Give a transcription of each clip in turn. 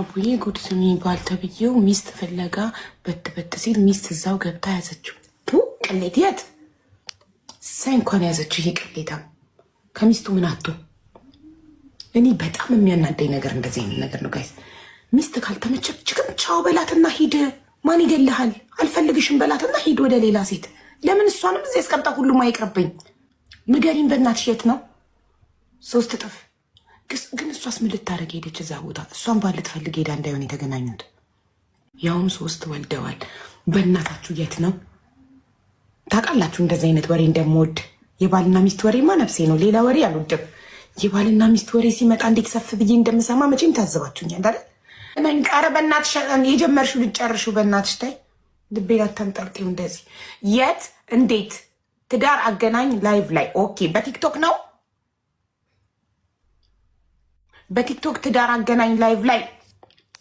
አቡዬ ጉድ የሚባል ተብዬው ሚስት ፍለጋ በትበት ሲል ሚስት እዛው ገብታ ያዘችው። ቅሌት የት ሳይ እንኳን ያዘችው። ይሄ ቅሌታ ከሚስቱ ምን አቶ እኔ በጣም የሚያናደኝ ነገር እንደዚህ አይነት ነገር ነው ጋይስ። ሚስት ካልተመቸ ችግም ቻው በላትና ሂድ። ማን ይገልሃል? አልፈልግሽም በላትና ሂድ ወደ ሌላ ሴት። ለምን እሷንም እዚህ ያስቀምጣ? ሁሉም አይቅርብኝ። ንገሪን በእናትሽ የት ነው ሶስት እጥፍ ግን እሷስ ምን ልታደርግ ሄደች? እዛ ቦታ እሷን ባል ልትፈልግ ሄዳ እንዳይሆን የተገናኙት ያውም ሶስት ወልደዋል። በእናታችሁ የት ነው ታውቃላችሁ? እንደዚ አይነት ወሬ እንደምወድ የባልና ሚስት ወሬማ ነፍሴ ነው። ሌላ ወሬ አልወድም። የባልና ሚስት ወሬ ሲመጣ እንዴት ሰፍ ብዬ እንደምሰማ መቼም ታዘባችሁኛል አይደል? ኧረ በእናትሽ የጀመርሽው ልጨርሽው። በእናትሽ ታይ ልቤ አታንጠልጤው እንደዚህ። የት እንዴት ትዳር አገናኝ ላይቭ ላይ ኦኬ፣ በቲክቶክ ነው በቲክቶክ ትዳር አገናኝ ላይቭ ላይ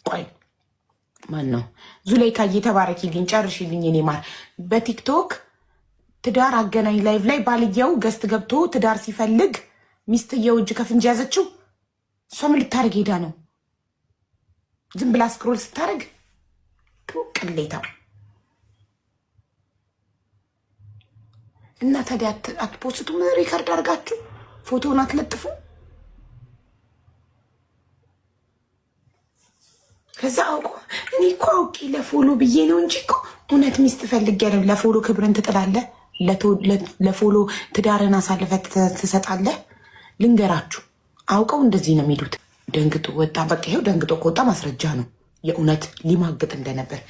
ቆይ ማን ነው ዙሌይካ እየተባረኪልኝ ጨርሽልኝ እኔ ማር በቲክቶክ ትዳር አገናኝ ላይቭ ላይ ባልየው ገስት ገብቶ ትዳር ሲፈልግ ሚስትየው እጅ ከፍንጅ ያዘችው እሷ ምን ልታደርግ ሄዳ ነው ዝም ብላ ስክሮል ስታደርግ ቅሌታ እና ታዲያ አትፖስቱም ሪከርድ አድርጋችሁ ፎቶውን አትለጥፉ ከዛ አውቆ እኔ እኮ አውቄ ለፎሎ ብዬ ነው እንጂ እኮ እውነት ሚስት ፈልጌ ለፎሎ ክብርን ትጥላለህ፣ ለፎሎ ትዳርን አሳልፈ ትሰጣለህ። ልንገራችሁ፣ አውቀው እንደዚህ ነው የሚሄዱት። ደንግጦ ወጣ፣ በቃ ይኸው ደንግጦ ከወጣ ማስረጃ ነው የእውነት ሊማግጥ እንደነበር